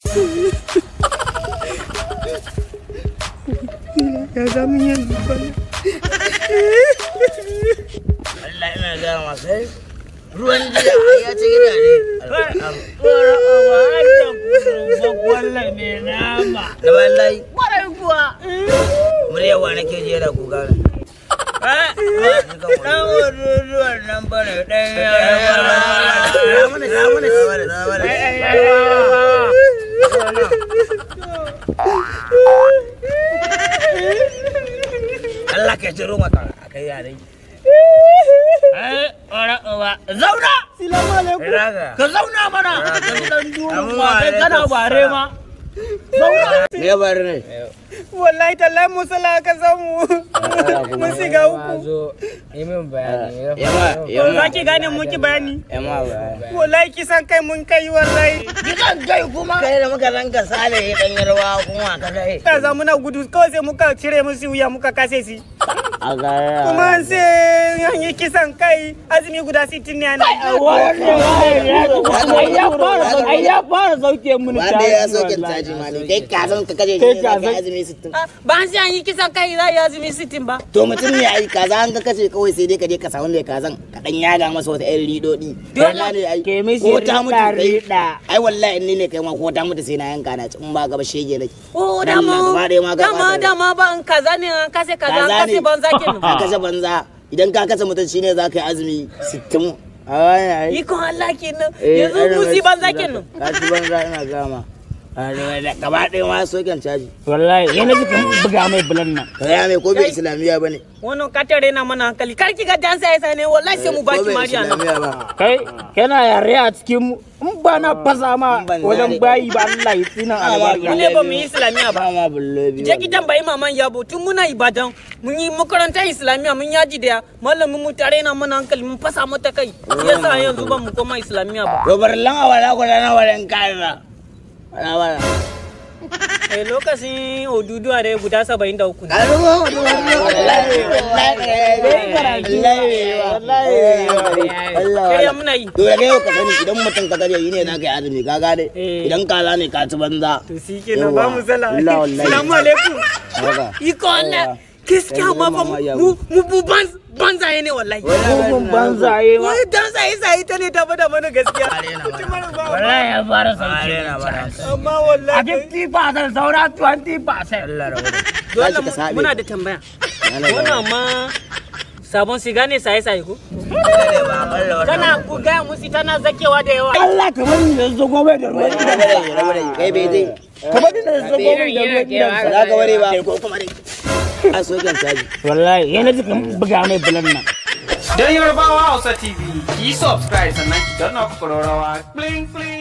ya za mu Allah ina ga masai ruwan jiya ya ci gida ne tsoro ba ta kuma kwallon mai nama da wallahi yi kuwa muryawa nake je da kuka ne ɗan wani ruwan nan bane ɗaya ciro maka a kai eh, zauna alaikum ka zauna mana dan duwan kai kana bare ma me bare ne wallahi tallahi mu sala ka zamu mun uku bayani ah, gane bayani wallahi kisan kai mun kai wallahi kisan kai kuma kai da muka sale yarwa kuma ka ka zamu na gudu kawai sai muka cire musu wuya muka kase si. Terima kasih. an yi kisan kai azumi guda sittin ne ana ai ya fara sauke mun ta wanda ya sauke caji mali kai ka san ka kaje ka azumi sittin ah, ba an an yi kisan kai za ya azumi sittin ba to mutum ne ai kaza an ka kace kawai sai dai ka je ka samu mai kazan ka dan yaga masa wata ƴan ridodi wallahi ai ke mishi ko ta mutu kai ai wallahi ni ne kai ma ko ta mutu sai na yanka na in ba gaba shege nake o da ma da ma da ma ba in kaza ne an kase kaza an kase banza kenan an kase banza idan ka kasa mutum ne za ka yi azumi sittin a wani yi ikon Allah nan eh, yanzu musi banza nan ka ci banza ina gama gaba ɗaya ma kan caji wallahi yana ji buga mai bulan nan to yame ko bai islamiyya ba ne wani katare na mana hankali karki ga jansa ya sai ne wallahi sai mu baki mariya kai kana yare a cikin in ba na fasa ah, ma wajen bayi ba Allah ya tsina ah, albarka ne ba mu yi islamiya ba ma billahi je gidan bai maman yabo tun muna ibadan mun yi makarantar islamiya mun yaji da malamin mu tare na mun hankali mun fasa mata kai yasa yanzu ba mu koma islamiya ba robar lan awala ko na walan kaira wala wala eh lokacin oduduwa da guda saba'in da uku idan mutum ka tare yi ne za ka yi azumi ka gane eh. idan kala ne ka ci banza to shi kenan ba mu sala assalamu alaikum iko Allah gaskiya ma fa mu mu banzaye ne wallahi mu y'a ma wai dan sai sai ta ne ta bada mana gaskiya wallahi ya fara sauki amma wallahi a 50% saura 20% dole muna da tambaya wannan ma sabon siga ne saye saye ko kana ku ga musu tana zakewa da yawa Allah ka bari da zo gobe da ruwa kai bai zai ka bari da zo gobe da ruwa za ka ware ba a caji wallahi yana eh, jikin buga mai bulan nan don yarbawa hausa tv ki subscribe sannan ki bling bling